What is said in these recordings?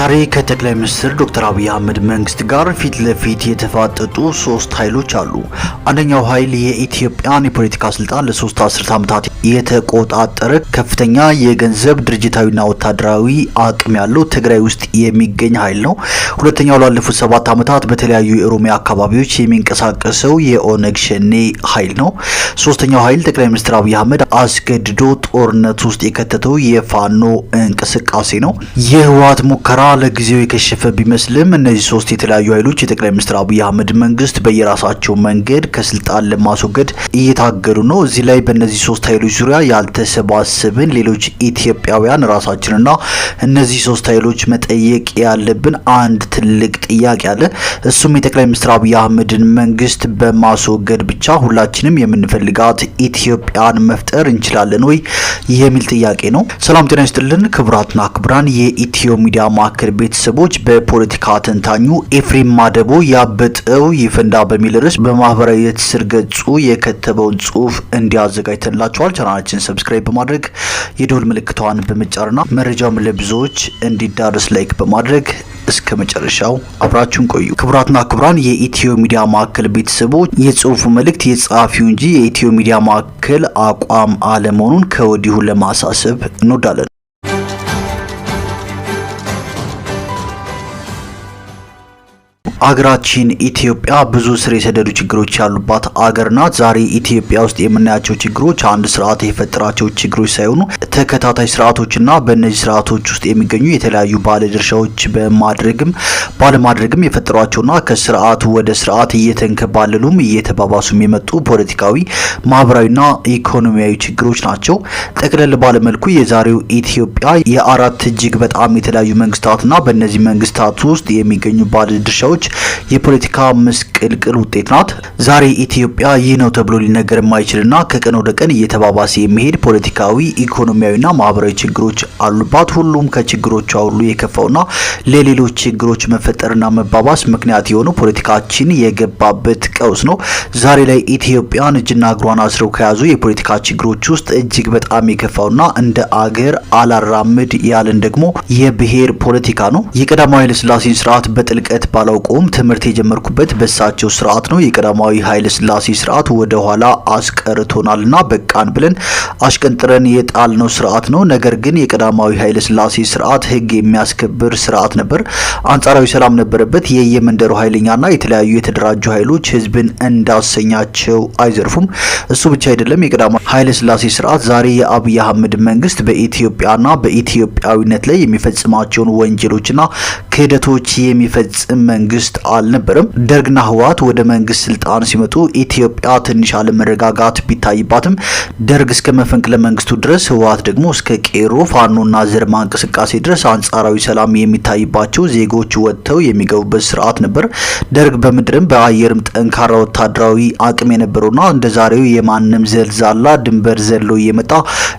ዛሬ ከጠቅላይ ሚኒስትር ዶክተር አብይ አህመድ መንግስት ጋር ፊት ለፊት የተፋጠጡ ሶስት ኃይሎች አሉ። አንደኛው ኃይል የኢትዮጵያን የፖለቲካ ስልጣን ለሶስት አስርት ዓመታት የተቆጣጠረ ከፍተኛ የገንዘብ ድርጅታዊና ወታደራዊ አቅም ያለው ትግራይ ውስጥ የሚገኝ ኃይል ነው። ሁለተኛው ላለፉት ሰባት ዓመታት በተለያዩ የኦሮሚያ አካባቢዎች የሚንቀሳቀሰው የኦነግ ሸኔ ኃይል ነው። ሶስተኛው ኃይል ጠቅላይ ሚኒስትር አብይ አህመድ አስገድዶ ጦርነት ውስጥ የከተተው የፋኖ እንቅስቃሴ ነው። የህወሓት ሙከራ ለጊዜው የከሸፈ ቢመስልም እነዚህ ሶስት የተለያዩ ኃይሎች የጠቅላይ ሚኒስትር አብይ አህመድ መንግስት በየራሳቸው መንገድ ከስልጣን ለማስወገድ እየታገሉ ነው። እዚህ ላይ በእነዚህ ሶስት ኃይሎች ዙሪያ ያልተሰባሰብን ሌሎች ኢትዮጵያውያን ራሳችንና እነዚህ ሶስት ኃይሎች መጠየቅ ያለብን አንድ ትልቅ ጥያቄ አለ። እሱም የጠቅላይ ሚኒስትር አብይ አህመድን መንግስት በማስወገድ ብቻ ሁላችንም የምንፈልጋት ኢትዮጵያን መፍጠር እንችላለን ወይ የሚል ጥያቄ ነው። ሰላም ጤና ይስጥልን ክቡራትና ክቡራን የኢትዮ ሚዲያ ማዕከል መካከል ቤተሰቦች በፖለቲካ ተንታኙ ኤፍሬም ማደቦ ያበጠው ይፈንዳ በሚል ርዕስ በማህበራዊ የትስስር ገጹ የከተበውን ጽሁፍ እንዲያዘጋጅተላቸዋል። ቻናላችን ሰብስክራይብ በማድረግ የደወል ምልክቷን በመጫርና መረጃውም ለብዙዎች እንዲዳረስ ላይክ በማድረግ እስከ መጨረሻው አብራችሁን ቆዩ። ክቡራትና ክቡራን የኢትዮ ሚዲያ ማዕከል ቤተሰቦች የጽሁፉ መልእክት የጸሐፊው እንጂ የኢትዮ ሚዲያ ማዕከል አቋም አለመሆኑን ከወዲሁ ለማሳሰብ እንወዳለን። አገራችን ኢትዮጵያ ብዙ ስር የሰደዱ ችግሮች ያሉባት አገር ናት። ዛሬ ኢትዮጵያ ውስጥ የምናያቸው ችግሮች አንድ ስርዓት የፈጠራቸው ችግሮች ሳይሆኑ ተከታታይ ስርዓቶችና በእነዚህ ስርዓቶች ውስጥ የሚገኙ የተለያዩ ባለድርሻዎች በማድረግም ባለማድረግም የፈጠሯቸውና ከስርዓቱ ወደ ስርዓት እየተንከባለሉም እየተባባሱም የመጡ ፖለቲካዊ፣ ማህበራዊና ኢኮኖሚያዊ ችግሮች ናቸው። ጠቅለል ባለመልኩ የዛሬው ኢትዮጵያ የአራት እጅግ በጣም የተለያዩ መንግስታትና በእነዚህ መንግስታት ውስጥ የሚገኙ ባለድርሻዎች የፖለቲካ ምስቅልቅል ውጤት ናት። ዛሬ ኢትዮጵያ ይህ ነው ተብሎ ሊነገር የማይችልና ከቀን ወደ ቀን እየተባባሰ የሚሄድ ፖለቲካዊ፣ ኢኮኖሚያዊና ማህበራዊ ችግሮች አሉባት። ሁሉም ከችግሮቿ ሁሉ የከፋውና ለሌሎች ችግሮች መፈጠርና መባባስ ምክንያት የሆነው ፖለቲካችን የገባበት ቀውስ ነው። ዛሬ ላይ ኢትዮጵያን እጅና እግሯን አስረው ከያዙ የፖለቲካ ችግሮች ውስጥ እጅግ በጣም የከፋውና እንደ አገር አላራምድ ያለን ደግሞ የብሔር ፖለቲካ ነው። የቀዳማዊ ኃይለስላሴን ስርዓት በጥልቀት ባላውቀውም ትምህርት የጀመርኩበት በሳቸው ስርዓት ነው። የቀዳማዊ ኃይለስላሴ ስርዓት ወደ ኋላ አስቀርቶናልና በቃን ብለን አሽቀንጥረን የጣልነው ስርዓት ነው። ነገር ግን የቀዳማዊ ኃይለስላሴ ስርዓት ህግ የሚያስከብር ስርዓት ነበር። አንጻራዊ ሰላም ነበረበት። የየመንደሩ ኃይለኛና የተለያዩ የተደራጁ ኃይሎች ህዝብን እንዳሰኛቸው አይዘርፉም። እሱ ብቻ አይደለም። የቀዳማዊ ኃይለስላሴ ስርዓት ዛሬ የአብይ አህመድ መንግስት በኢትዮ በኢትዮጵያና በኢትዮጵያዊነት ላይ የሚፈጽማቸውን ወንጀሎችና ክህደቶች የሚፈጽም መንግስት አልነበረም። ደርግና ህወሓት ወደ መንግስት ስልጣን ሲመጡ ኢትዮጵያ ትንሽ አለመረጋጋት ቢታይባትም ደርግ እስከ መፈንቅለ መንግስቱ ድረስ፣ ህወሓት ደግሞ እስከ ቄሮ ፋኖና ዘርማ እንቅስቃሴ ድረስ አንጻራዊ ሰላም የሚታይባቸው ዜጎች ወጥተው የሚገቡበት ስርዓት ነበር። ደርግ በምድርም በአየርም ጠንካራ ወታደራዊ አቅም የነበረውና እንደ ዛሬው የማንም ዘልዛላ ድንበር ዘሎ እየመጣ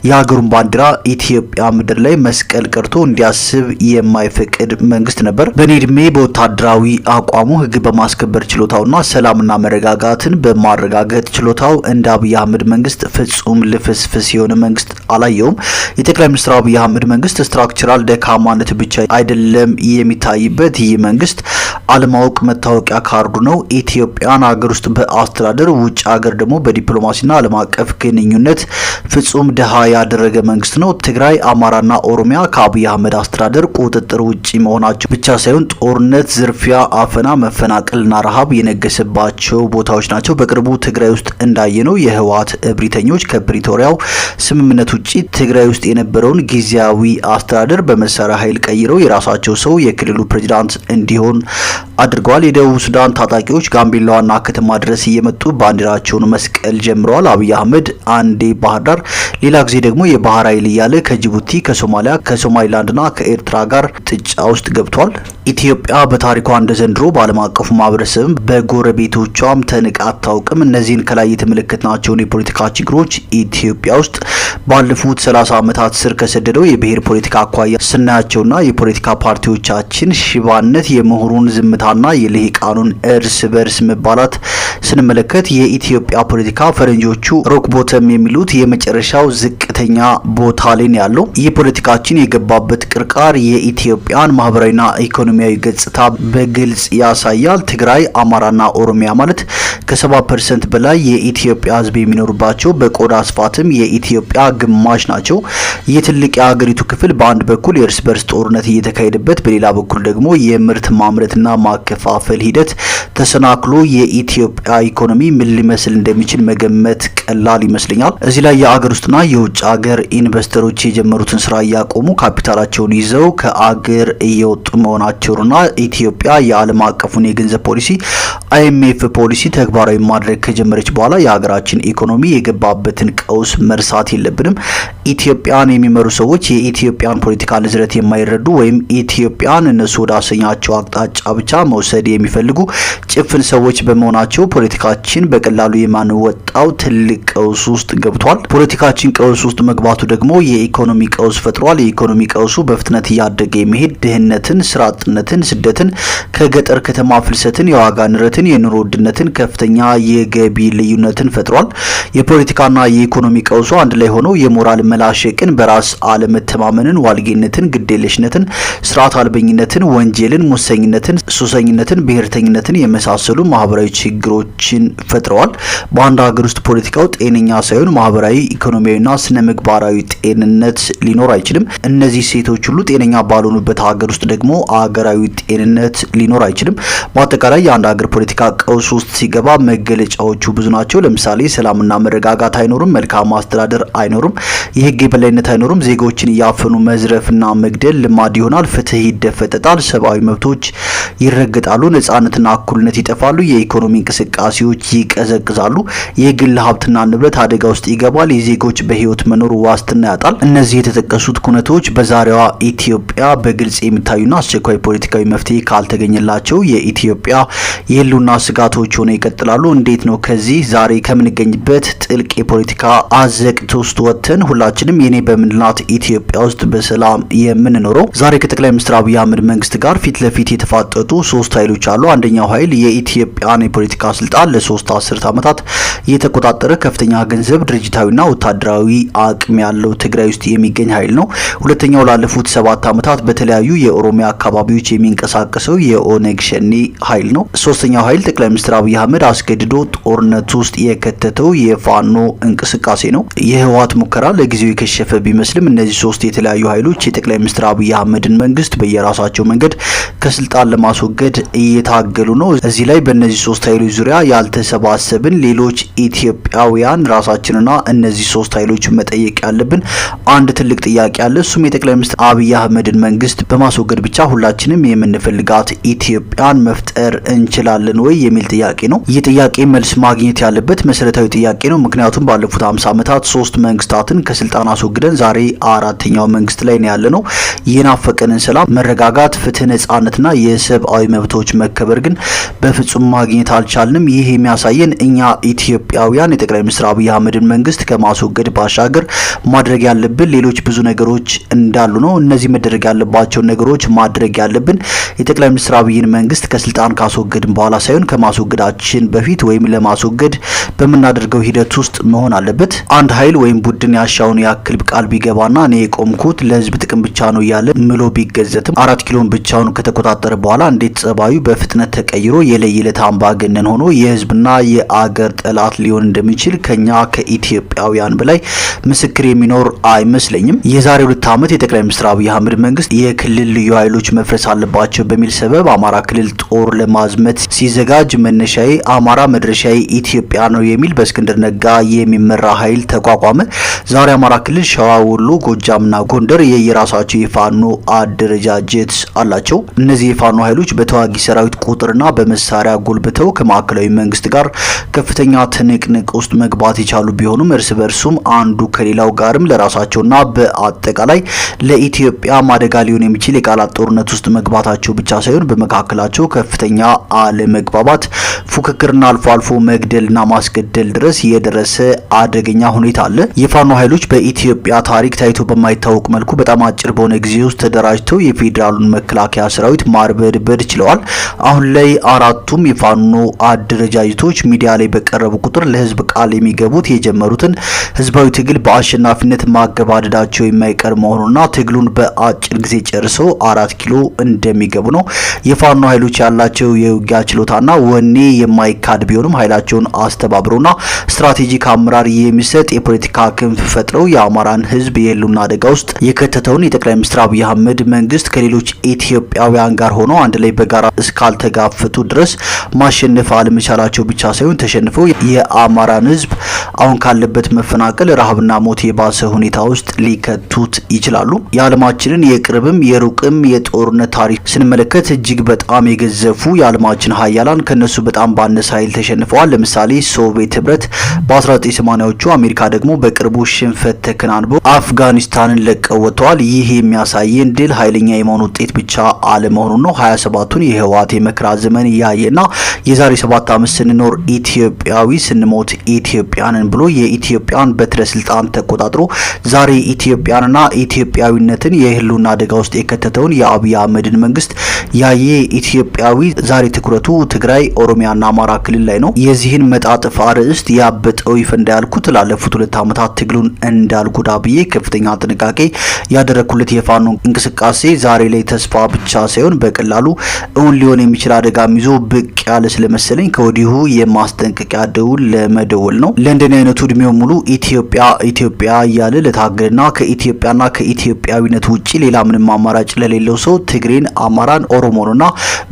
የሀገሩን ባንዲራ ኢትዮጵያ ምድር ላይ መስቀል ቀርቶ እንዲያስብ የማይፈቅድ መንግስት ነበር። በእኔ እድሜ በወታደራዊ አቋሙ ህግ በማስከበር ችሎታውና ሰላምና መረጋጋትን በማረጋገጥ ችሎታው እንደ አብይ አህመድ መንግስት ፍጹም ልፍስፍስ የሆነ መንግስት አላየውም። የጠቅላይ ሚኒስትር አብይ አህመድ መንግስት ስትራክቸራል ደካማነት ብቻ አይደለም የሚታይበት። ይህ መንግስት አለማወቅ መታወቂያ ካርዱ ነው። ኢትዮጵያን ሀገር ውስጥ በአስተዳደር ውጭ ሀገር ደግሞ በዲፕሎማሲና አለም አቀፍ ግንኙነት ፍጹም ድሃ ያደረገ መንግስት ነው። ትግራይ፣ አማራና ኦሮሚያ ከአብይ አህመድ አስተዳደር ቁጥጥር ውጪ መሆናቸው ብቻ ሳይሆን ጦርነት፣ ዝርፊያ፣ አፈና፣ መፈናቀልና ረሃብ የነገሰባቸው ቦታዎች ናቸው። በቅርቡ ትግራይ ውስጥ እንዳየነው የህወሀት እብሪተኞች ከፕሪቶሪያው ስምምነት ውጪ ትግራይ ውስጥ የነበረውን ጊዜያዊ አስተዳደር በመሳሪያ ኃይል ቀይረው የራሳቸው ሰው የክልሉ ፕሬዚዳንት እንዲሆን አድርገዋል። የደቡብ ሱዳን ታጣቂዎች ጋምቤላ ዋና ከተማ ድረስ እየመጡ ባንዲራቸውን መስቀል ጀምረዋል። አብይ አህመድ አንዴ ባህር ጋር ሌላ ጊዜ ደግሞ የባህር ኃይል እያለ ከጅቡቲ ከሶማሊያ ከሶማሊላንድና ከኤርትራ ጋር ጥጫ ውስጥ ገብቷል። ኢትዮጵያ በታሪኳ እንደ ዘንድሮ በዓለም አቀፉ ማህበረሰብም በጎረቤቶቿም ተንቃ አታውቅም። እነዚህን ከላይ የተመለከት ናቸውን የፖለቲካ ችግሮች ኢትዮጵያ ውስጥ ባለፉት 30 ዓመታት ስር ከሰደደው የብሔር ፖለቲካ አኳያ ስናያቸውና የፖለቲካ ፓርቲዎቻችን ሽባነት፣ የምሁሩን ዝምታና የልሂቃኑን እርስ በርስ መባላት ስንመለከት የኢትዮጵያ ፖለቲካ ፈረንጆቹ ሮክ ቦተም የሚሉት የመጨረሻው ዝቅተኛ ቦታ ላይ ያለው ይህ ፖለቲካችን የገባበት ቅርቃር የኢትዮጵያን ማህበራዊና ኢኮኖሚ ኢኮኖሚያዊ ገጽታ በግልጽ ያሳያል። ትግራይ፣ አማራና ኦሮሚያ ማለት ከ70 ፐርሰንት በላይ የኢትዮጵያ ህዝብ የሚኖርባቸው በቆዳ ስፋትም የኢትዮጵያ ግማሽ ናቸው። ይህ ትልቅ የሀገሪቱ ክፍል በአንድ በኩል የእርስ በርስ ጦርነት እየተካሄደበት፣ በሌላ በኩል ደግሞ የምርት ማምረትና ማከፋፈል ሂደት ተሰናክሎ የኢትዮጵያ ኢኮኖሚ ምን ሊመስል እንደሚችል መገመት ቀላል ይመስለኛል። እዚህ ላይ የአገር ውስጥና የውጭ ሀገር ኢንቨስተሮች የጀመሩትን ስራ እያቆሙ ካፒታላቸውን ይዘው ከአገር እየወጡ መሆናቸው መሆናቸውንና ኢትዮጵያ የዓለም አቀፉን የገንዘብ ፖሊሲ አይኤምኤፍ ፖሊሲ ተግባራዊ ማድረግ ከጀመረች በኋላ የሀገራችን ኢኮኖሚ የገባበትን ቀውስ መርሳት የለብንም። ኢትዮጵያን የሚመሩ ሰዎች የኢትዮጵያን ፖለቲካ ንዝረት የማይረዱ ወይም ኢትዮጵያን እነሱ ወዳሰኛቸው አቅጣጫ ብቻ መውሰድ የሚፈልጉ ጭፍን ሰዎች በመሆናቸው ፖለቲካችን በቀላሉ የማንወጣው ትልቅ ቀውስ ውስጥ ገብቷል። ፖለቲካችን ቀውስ ውስጥ መግባቱ ደግሞ የኢኮኖሚ ቀውስ ፈጥሯል። የኢኮኖሚ ቀውሱ በፍጥነት እያደገ የሚሄድ ድህነትን፣ ስራ ጦርነትን፣ ስደትን፣ ከገጠር ከተማ ፍልሰትን፣ የዋጋ ንረትን፣ የኑሮ ውድነትን፣ ከፍተኛ የገቢ ልዩነትን ፈጥሯል። የፖለቲካና የኢኮኖሚ ቀውሱ አንድ ላይ ሆነው የሞራል መላሸቅን፣ በራስ አለመተማመንን፣ ዋልጌነትን፣ ግዴለሽነትን፣ ስርዓት አልበኝነትን፣ ወንጀልን፣ ሙሰኝነትን፣ ሱሰኝነትን፣ ብሔርተኝነትን የመሳሰሉ ማህበራዊ ችግሮችን ፈጥረዋል። በአንድ ሀገር ውስጥ ፖለቲካው ጤነኛ ሳይሆን ማህበራዊ፣ ኢኮኖሚያዊና ስነ ምግባራዊ ጤንነት ሊኖር አይችልም። እነዚህ ሴቶች ሁሉ ጤነኛ ባልሆኑበት ሀገር ውስጥ ደግሞ አገር ሀገራዊ ጤንነት ሊኖር አይችልም። በአጠቃላይ የአንድ ሀገር ፖለቲካ ቀውስ ውስጥ ሲገባ መገለጫዎቹ ብዙ ናቸው። ለምሳሌ ሰላምና መረጋጋት አይኖርም፣ መልካም አስተዳደር አይኖርም፣ የህግ የበላይነት አይኖርም፣ ዜጎችን እያፈኑ መዝረፍና መግደል ልማድ ይሆናል፣ ፍትህ ይደፈጠጣል፣ ሰብአዊ መብቶች ይረግጣሉ፣ ነጻነትና እኩልነት ይጠፋሉ፣ የኢኮኖሚ እንቅስቃሴዎች ይቀዘቅዛሉ፣ የግል ሀብትና ንብረት አደጋ ውስጥ ይገባል፣ የዜጎች በህይወት መኖር ዋስትና ያጣል። እነዚህ የተጠቀሱት ኩነቶች በዛሬዋ ኢትዮጵያ በግልጽ የሚታዩና አስቸኳይ ፖለቲካዊ መፍትሄ ካልተገኘላቸው የኢትዮጵያ የህልውና ስጋቶች ሆነው ይቀጥላሉ። እንዴት ነው ከዚህ ዛሬ ከምንገኝበት ጥልቅ የፖለቲካ አዘቅት ውስጥ ወጥተን ሁላችንም የኔ በምንላት ኢትዮጵያ ውስጥ በሰላም የምንኖረው? ዛሬ ከጠቅላይ ሚኒስትር አብይ አህመድ መንግስት ጋር ፊት ለፊት የተፋጠጡ ሶስት ኃይሎች አሉ። አንደኛው ኃይል የኢትዮጵያን የፖለቲካ ስልጣን ለሶስት አስርት ዓመታት የተቆጣጠረ ከፍተኛ ገንዘብ፣ ድርጅታዊና ወታደራዊ አቅም ያለው ትግራይ ውስጥ የሚገኝ ኃይል ነው። ሁለተኛው ላለፉት ሰባት ዓመታት በተለያዩ የኦሮሚያ አካባቢዎች አካባቢዎች የሚንቀሳቀሰው የኦነግ ሸኔ ኃይል ነው። ሶስተኛው ኃይል ጠቅላይ ሚኒስትር አብይ አህመድ አስገድዶ ጦርነት ውስጥ የከተተው የፋኖ እንቅስቃሴ ነው። የህወሀት ሙከራ ለጊዜው የከሸፈ ቢመስልም እነዚህ ሶስት የተለያዩ ኃይሎች የጠቅላይ ሚኒስትር አብይ አህመድን መንግስት በየራሳቸው መንገድ ከስልጣን ለማስወገድ እየታገሉ ነው። እዚህ ላይ በእነዚህ ሶስት ኃይሎች ዙሪያ ያልተሰባሰብን ሌሎች ኢትዮጵያውያን ራሳችንና እነዚህ ሶስት ኃይሎች መጠየቅ ያለብን አንድ ትልቅ ጥያቄ አለ። እሱም የጠቅላይ ሚኒስትር አብይ አህመድን መንግስት በማስወገድ ብቻ ሁላችን ሁላችንም የምንፈልጋት ኢትዮጵያን መፍጠር እንችላለን ወይ የሚል ጥያቄ ነው። ይህ ጥያቄ መልስ ማግኘት ያለበት መሰረታዊ ጥያቄ ነው። ምክንያቱም ባለፉት 50 ዓመታት ሶስት መንግስታትን ከስልጣን አስወግደን ዛሬ አራተኛው መንግስት ላይ ነው ያለ ነው። የናፈቀንን ሰላም፣ መረጋጋት፣ ፍትህ፣ ነጻነትና የሰብአዊ መብቶች መከበር ግን በፍጹም ማግኘት አልቻልንም። ይህ የሚያሳየን እኛ ኢትዮጵያውያን የጠቅላይ ሚኒስትር አብይ አህመድን መንግስት ከማስወገድ ባሻገር ማድረግ ያለብን ሌሎች ብዙ ነገሮች እንዳሉ ነው። እነዚህ መደረግ ያለባቸውን ነገሮች ማድረግ ያለብን ያለብን የጠቅላይ ሚኒስትር አብይን መንግስት ከስልጣን ካስወገድን በኋላ ሳይሆን ከማስወገዳችን በፊት ወይም ለማስወገድ በምናደርገው ሂደት ውስጥ መሆን አለበት። አንድ ኃይል ወይም ቡድን ያሻውን ያክል ቃል ቢገባና እኔ የቆምኩት ለህዝብ ጥቅም ብቻ ነው እያለ ምሎ ቢገዘትም አራት ኪሎን ብቻውን ከተቆጣጠረ በኋላ እንዴት ጸባዩ በፍጥነት ተቀይሮ የለየለት አምባገነን ሆኖ የህዝብና የአገር ጠላት ሊሆን እንደሚችል ከኛ ከኢትዮጵያውያን በላይ ምስክር የሚኖር አይመስለኝም። የዛሬ ሁለት ዓመት የጠቅላይ ሚኒስትር አብይ አህመድ መንግስት የክልል ልዩ ኃይሎች መፍረስ አለባቸው በሚል ሰበብ አማራ ክልል ጦር ለማዝመት ሲዘጋጅ መነሻዬ አማራ መድረሻዬ ኢትዮጵያ ነው የሚል በእስክንድር ነጋ የሚመራ ኃይል ተቋቋመ። ዛሬ አማራ ክልል ሸዋ፣ ወሎ፣ ጎጃምና ጎንደር የየራሳቸው የፋኖ አደረጃጀት አላቸው። እነዚህ የፋኖ ኃይሎች በተዋጊ ሰራዊት ቁጥርና በመሳሪያ ጎልብተው ከማዕከላዊ መንግስት ጋር ከፍተኛ ትንቅንቅ ውስጥ መግባት የቻሉ ቢሆኑም እርስ በርሱም አንዱ ከሌላው ጋርም ለራሳቸውና በአጠቃላይ ለኢትዮጵያ ማደጋ ሊሆን የሚችል የቃላት ጦርነት ውስጥ መግባታቸው ብቻ ሳይሆን በመካከላቸው ከፍተኛ አለመግባባት፣ ፉክክርና አልፎ አልፎ መግደልና ማስገደል ድረስ የደረሰ አደገኛ ሁኔታ አለ። የፋኖ ኃይሎች በኢትዮጵያ ታሪክ ታይቶ በማይታወቅ መልኩ በጣም አጭር በሆነ ጊዜ ውስጥ ተደራጅተው የፌዴራሉን መከላከያ ሰራዊት ማርበድበድ ችለዋል። አሁን ላይ አራቱም የፋኖ አደረጃጀቶች ሚዲያ ላይ በቀረቡ ቁጥር ለህዝብ ቃል የሚገቡት የጀመሩትን ህዝባዊ ትግል በአሸናፊነት ማገባደዳቸው የማይቀር መሆኑና ትግሉን በአጭር ጊዜ ጨርሰው አራት ኪሎ እንደሚገቡ ነው። የፋኖ ኃይሎች ያላቸው የውጊያ ችሎታና ወኔ የማይካድ ቢሆንም ኃይላቸውን አስተባብሮና ስትራቴጂክ አመራር የሚሰጥ የፖለቲካ ክንፍ ፈጥረው የአማራን ህዝብ የህልውና አደጋ ውስጥ የከተተውን የጠቅላይ ሚኒስትር አብይ አህመድ መንግስት ከሌሎች ኢትዮጵያውያን ጋር ሆኖ አንድ ላይ በጋራ እስካልተጋፈጡ ድረስ ማሸነፍ አለመቻላቸው ብቻ ሳይሆን ተሸንፈው የአማራን ህዝብ አሁን ካለበት መፈናቀል፣ ረሃብና ሞት የባሰ ሁኔታ ውስጥ ሊከቱት ይችላሉ። የዓለማችንን የቅርብም የሩቅም የጦርነት ታሪክ ስንመለከት እጅግ በጣም የገዘፉ የዓለማችን ሀያላን ከነሱ በጣም ባነሰ ኃይል ተሸንፈዋል። ለምሳሌ ሶቪየት ህብረት በ1980ዎቹ አሜሪካ ደግሞ በቅርቡ ሽንፈት ተከናንቦ አፍጋኒስታንን ለቀው ወጥተዋል። ይህ የሚያሳየን ድል ኃይለኛ የመሆን ውጤት ብቻ አለመሆኑን ነው። 27ቱን የህወሓት የመከራ ዘመን እያየና የዛሬ ሰባት ዓመት ስንኖር ኢትዮጵያዊ ስንሞት ኢትዮጵያንን ብሎ የኢትዮጵያን በትረ ስልጣን ተቆጣጥሮ ዛሬ ኢትዮጵያንና ኢትዮጵያዊነትን የህልውና አደጋ ውስጥ የከተተውን የአብይ አህመድ አህመድን መንግስት ያየ ኢትዮጵያዊ ዛሬ ትኩረቱ ትግራይ፣ ኦሮሚያና አማራ ክልል ላይ ነው። የዚህን መጣጥፍ አርዕስት ያበጠው ይፍ እንዳያልኩት ላለፉት ሁለት ዓመታት ትግሉን እንዳልጎዳ ብዬ ከፍተኛ ጥንቃቄ ያደረግኩለት የፋኖ እንቅስቃሴ ዛሬ ላይ ተስፋ ብቻ ሳይሆን በቀላሉ እውን ሊሆን የሚችል አደጋም ይዞ ብቅ ያለ ስለመሰለኝ ከወዲሁ የማስጠንቀቂያ ደውል ለመደወል ነው። ለእንደኔ አይነቱ እድሜው ሙሉ ኢትዮጵያ ኢትዮጵያ እያለ ለታገልና ከኢትዮጵያና ከኢትዮጵያዊነት ውጭ ሌላ ምንም አማራጭ ለሌለው ሰው ትግ ትግሬን፣ አማራን፣ ኦሮሞንና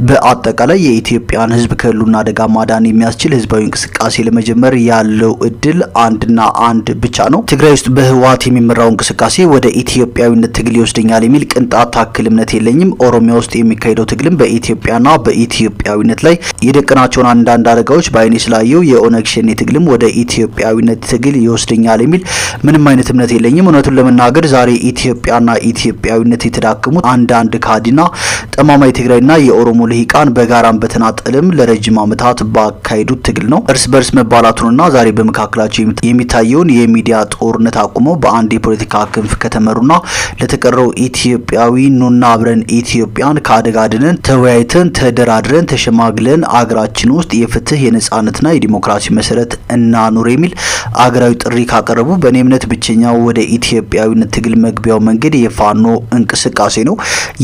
በአጠቃላይ የኢትዮጵያን ህዝብ ከህልውና አደጋ ማዳን የሚያስችል ህዝባዊ እንቅስቃሴ ለመጀመር ያለው እድል አንድና አንድ ብቻ ነው። ትግራይ ውስጥ በህወሀት የሚመራው እንቅስቃሴ ወደ ኢትዮጵያዊነት ትግል ይወስደኛል የሚል ቅንጣት ታክል እምነት የለኝም። ኦሮሚያ ውስጥ የሚካሄደው ትግልም በኢትዮጵያና በኢትዮጵያዊነት ላይ የደቀናቸውን አንዳንድ አደጋዎች በአይኔ ስላየው የኦነግ ሸኔ ትግልም ወደ ኢትዮጵያዊነት ትግል ይወስደኛል የሚል ምንም አይነት እምነት የለኝም። እውነቱን ለመናገር ዛሬ ኢትዮጵያና ኢትዮጵያዊነት የተዳከሙት አንዳንድ ካዲና ጠማማ የትግራይና የኦሮሞ ልሂቃን በጋራም በተናጠልም ለረጅም ዓመታት ባካሄዱት ትግል ነው እርስ በርስ መባላቱንና ዛሬ በመካከላቸው የሚታየውን የሚዲያ ጦርነት አቁመው በአንድ የፖለቲካ ክንፍ ከተመሩና ለተቀረው ኢትዮጵያዊ ኑና አብረን ኢትዮጵያን ከአደጋ ድነን ተወያይተን ተደራድረን ተሸማግለን አገራችን ውስጥ የፍትህ የነጻነትና የዲሞክራሲ መሰረት እናኑር የሚል አገራዊ ጥሪ ካቀረቡ በእኔ እምነት ብቸኛው ወደ ኢትዮጵያዊነት ትግል መግቢያው መንገድ የፋኖ እንቅስቃሴ ነው።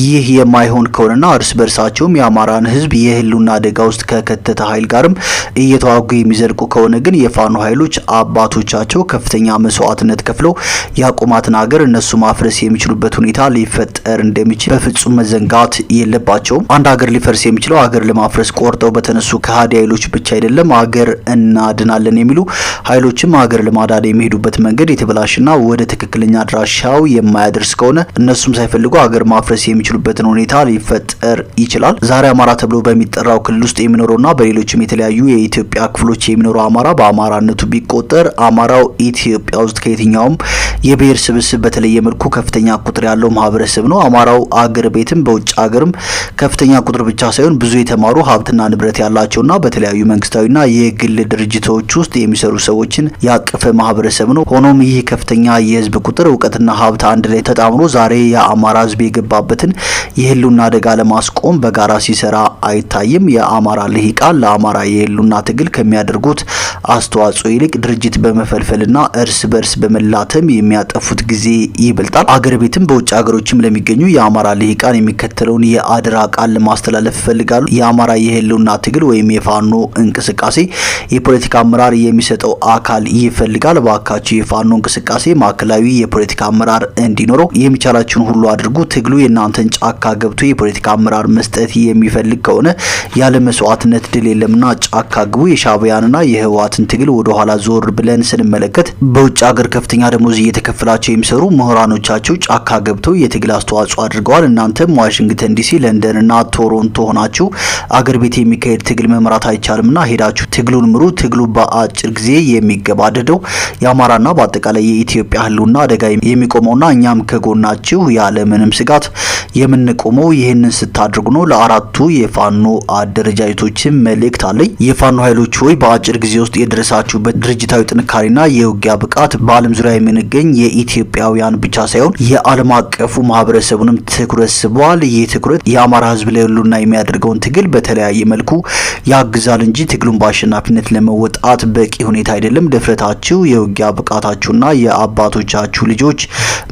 ይህ የማ የማይሆን ከሆነና እርስ በርሳቸውም የአማራን ህዝብ የህልውና አደጋ ውስጥ ከከተተ ኃይል ጋርም እየተዋጉ የሚዘልቁ ከሆነ ግን የፋኖ ኃይሎች አባቶቻቸው ከፍተኛ መስዋዕትነት ከፍለው ያቆማትን ሀገር እነሱ ማፍረስ የሚችሉበት ሁኔታ ሊፈጠር እንደሚችል በፍጹም መዘንጋት የለባቸውም። አንድ ሀገር ሊፈርስ የሚችለው ሀገር ለማፍረስ ቆርጠው በተነሱ ከሀዲ ኃይሎች ብቻ አይደለም። ሀገር እናድናለን የሚሉ ኃይሎችም ሀገር ለማዳድ የሚሄዱበት መንገድ የተበላሽና ወደ ትክክለኛ አድራሻው የማያደርስ ከሆነ እነሱም ሳይፈልጉ ሀገር ማፍረስ የሚችሉበትን ሁኔታ ሁኔታ ሊፈጠር ይችላል። ዛሬ አማራ ተብሎ በሚጠራው ክልል ውስጥ የሚኖረውና በሌሎችም የተለያዩ የኢትዮጵያ ክፍሎች የሚኖረው አማራ በአማራነቱ ቢቆጠር አማራው ኢትዮጵያ ውስጥ ከየትኛውም የብሔር ስብስብ በተለየ መልኩ ከፍተኛ ቁጥር ያለው ማህበረሰብ ነው። አማራው አገር ቤትም በውጭ ሀገርም ከፍተኛ ቁጥር ብቻ ሳይሆን ብዙ የተማሩ ሀብትና ንብረት ያላቸውና በተለያዩ መንግስታዊና የግል ድርጅቶች ውስጥ የሚሰሩ ሰዎችን ያቀፈ ማህበረሰብ ነው። ሆኖም ይህ ከፍተኛ የህዝብ ቁጥር እውቀትና ሀብት አንድ ላይ ተጣምሮ ዛሬ የአማራ ህዝብ የገባበትን የህልውና አደጋ ለማስቆም በጋራ ሲሰራ አይታይም። የአማራ ልሂቃን ለአማራ የህልውና ትግል ከሚያደርጉት አስተዋጽኦ ይልቅ ድርጅት በመፈልፈልና እርስ በርስ በመላተም የሚያጠፉት ጊዜ ይበልጣል። አገር ቤትም በውጭ ሀገሮችም ለሚገኙ የአማራ ልሂቃን የሚከተለውን የአደራ ቃል ለማስተላለፍ ይፈልጋሉ። የአማራ የህልውና ትግል ወይም የፋኖ እንቅስቃሴ የፖለቲካ አመራር የሚሰጠው አካል ይፈልጋል። ባካችሁ የፋኖ እንቅስቃሴ ማዕከላዊ የፖለቲካ አመራር እንዲኖረው የሚቻላችሁን ሁሉ አድርጉ። ትግሉ የእናንተን ጫካ ገብቶ የፖለቲካ አመራር መስጠት የሚፈልግ ከሆነ ያለ መስዋዕትነት ድል የለምና ጫካ ግቡ። የሻዕቢያንና የህወሓትን ትግል ወደኋላ ዞር ብለን ስንመለከት በውጭ ሀገር ከፍተኛ ደሞዝ እየተከፈላቸው የሚሰሩ ምሁራኖቻቸው ጫካ ገብተው የትግል አስተዋጽኦ አድርገዋል። እናንተም ዋሽንግተን ዲሲ፣ ለንደንና ቶሮንቶ ሆናችሁ አገር ቤት የሚካሄድ ትግል መምራት አይቻልምና ሄዳችሁ ትግሉን ምሩ። ትግሉ በአጭር ጊዜ የሚገባደደው የአማራና በአጠቃላይ የኢትዮጵያ ህልውና አደጋ የሚቆመውና እኛም ከጎናችሁ ያለምንም ስጋት የምንቆ ቆሞ ይህንን ስታደርጉ ነው ለአራቱ የፋኖ አደረጃጀቶችን መልእክት አለኝ። የፋኖ ኃይሎች ሆይ በአጭር ጊዜ ውስጥ የደረሳችሁበት ድርጅታዊ ጥንካሬና የውጊያ ብቃት በዓለም ዙሪያ የምንገኝ የኢትዮጵያውያን ብቻ ሳይሆን የዓለም አቀፉ ማህበረሰቡንም ትኩረት ስቧል። ይህ ትኩረት የአማራ ህዝብ ላይ የሚያደርገውን ትግል በተለያየ መልኩ ያግዛል እንጂ ትግሉን በአሸናፊነት ለመወጣት በቂ ሁኔታ አይደለም። ድፍረታችሁ፣ የውጊያ ብቃታችሁና የአባቶቻችሁ ልጆች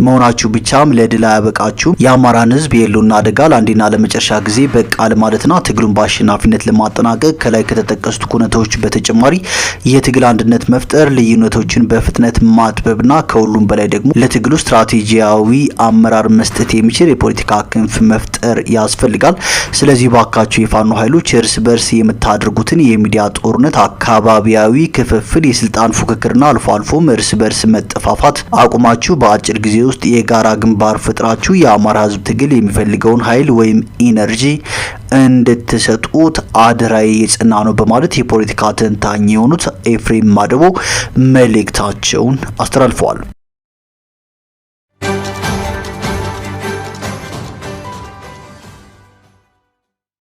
መሆናችሁ ብቻም ለድል አያበቃችሁም። የአማራን ህዝብ የሉና አደጋ ለአንዴና ለመጨረሻ ጊዜ በቃል ማለትና ትግሉን በአሸናፊነት ለማጠናቀቅ ከላይ ከተጠቀሱት ኩነቶች በተጨማሪ የትግል አንድነት መፍጠር፣ ልዩነቶችን በፍጥነት ማጥበብና ከሁሉም በላይ ደግሞ ለትግሉ ስትራቴጂያዊ አመራር መስጠት የሚችል የፖለቲካ ክንፍ መፍጠር ያስፈልጋል። ስለዚህ ባካቸው የፋኖ ኃይሎች እርስ በርስ የምታደርጉትን የሚዲያ ጦርነት፣ አካባቢያዊ ክፍፍል፣ የስልጣን ፉክክርና አልፎ አልፎም እርስ በርስ መጠፋፋት አቁማችሁ በአጭር ጊዜ ውስጥ የጋራ ግንባር ፈጥራችሁ የአማራ ህዝብ ትግል የሚፈልገው ያለውን ኃይል ወይም ኢነርጂ እንድትሰጡት አድራ የጸና ነው በማለት የፖለቲካ ተንታኝ የሆኑት ኤፍሬም ማደቦ መልእክታቸውን አስተላልፈዋል።